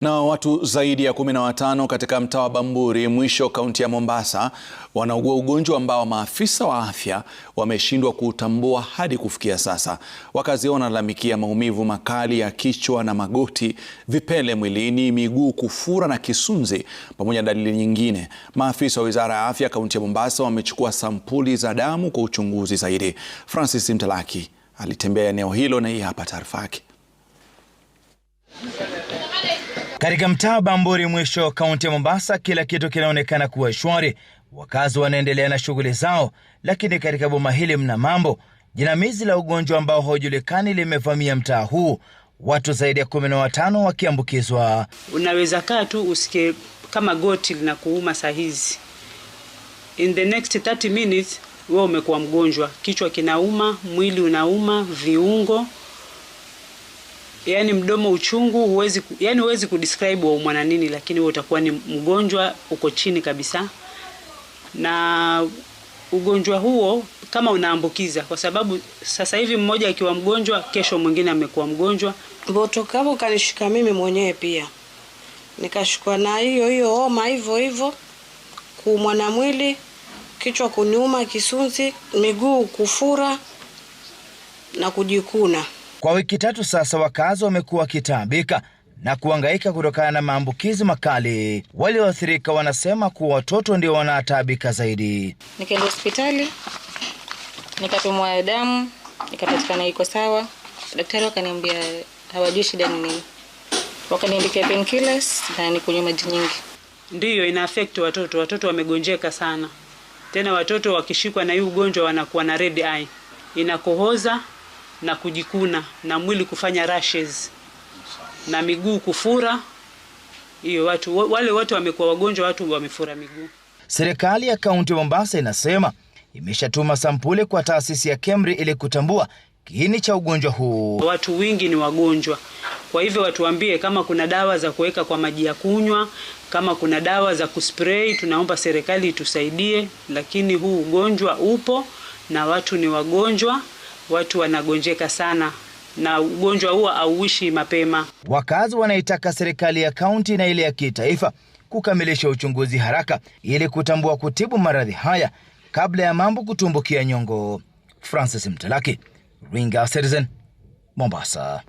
Na watu zaidi ya kumi na watano katika mtaa wa Bamburi Mwisho, kaunti ya Mombasa wanaugua ugonjwa ambao maafisa wa afya wameshindwa kuutambua hadi kufikia sasa. Wakazi hao wanalalamikia maumivu makali ya kichwa na magoti, vipele mwilini, miguu kufura na kisunzi pamoja na dalili nyingine. Maafisa wa Wizara ya Afya kaunti ya Mombasa wamechukua sampuli za damu kwa uchunguzi zaidi. Francis Mtalaki alitembea eneo hilo na hii hapa taarifa yake. Katika mtaa Bamburi, mwisho kaunti ya Mombasa, kila kitu kinaonekana kuwa shwari. Wakazi wanaendelea na shughuli zao, lakini katika boma hili mna mambo. Jinamizi la ugonjwa ambao haujulikani limevamia mtaa huu, watu zaidi ya kumi na watano wakiambukizwa. Unaweza kaa tu usikie kama goti linakuuma saa hizi, in the next 30 minutes wewe umekuwa mgonjwa, kichwa kinauma, mwili unauma, viungo yani mdomo uchungu huwezi, yani huwezi kudescribe wa umwana nini, lakini wewe utakuwa ni mgonjwa uko chini kabisa, na ugonjwa huo kama unaambukiza, kwa sababu sasa hivi mmoja akiwa mgonjwa, kesho mwingine amekuwa mgonjwa. botokavo kanishika mimi mwenyewe pia, nikashikwa na hiyo hiyo homa hivyo hivyo, kuumwa na mwili, kichwa kuniuma, kisunzi, miguu kufura na kujikuna. Kwa wiki tatu sasa, wakazi wamekuwa wakitaabika na kuhangaika kutokana na maambukizi makali. Walioathirika wanasema kuwa watoto ndio wanataabika zaidi. Nikaenda hospitali nikapimwa damu, nikapatikana iko sawa. Daktari wakaniambia hawajui shida ni nini, wakaniandikia painkillers na nikunywa maji nyingi. Ndiyo ina affect watoto, watoto wamegonjeka sana. Tena watoto wakishikwa na hii ugonjwa wanakuwa na red eye, inakohoza na kujikuna na mwili kufanya rashes na miguu kufura. Hiyo watu wale wote wamekuwa wagonjwa, watu wamefura miguu. Serikali ya kaunti ya Mombasa inasema imeshatuma sampuli kwa taasisi ya KEMRI ili kutambua kiini cha ugonjwa huu. Watu wengi ni wagonjwa, kwa hivyo watuambie kama kuna dawa za kuweka kwa maji ya kunywa, kama kuna dawa za kuspray. Tunaomba serikali itusaidie, lakini huu ugonjwa upo na watu ni wagonjwa watu wanagonjeka sana na ugonjwa huo hauishi mapema. Wakazi wanaitaka serikali ya kaunti na ile ya kitaifa kukamilisha uchunguzi haraka ili kutambua kutibu maradhi haya kabla ya mambo kutumbukia nyongo. Francis Mtalaki, Ringa Citizen, Mombasa.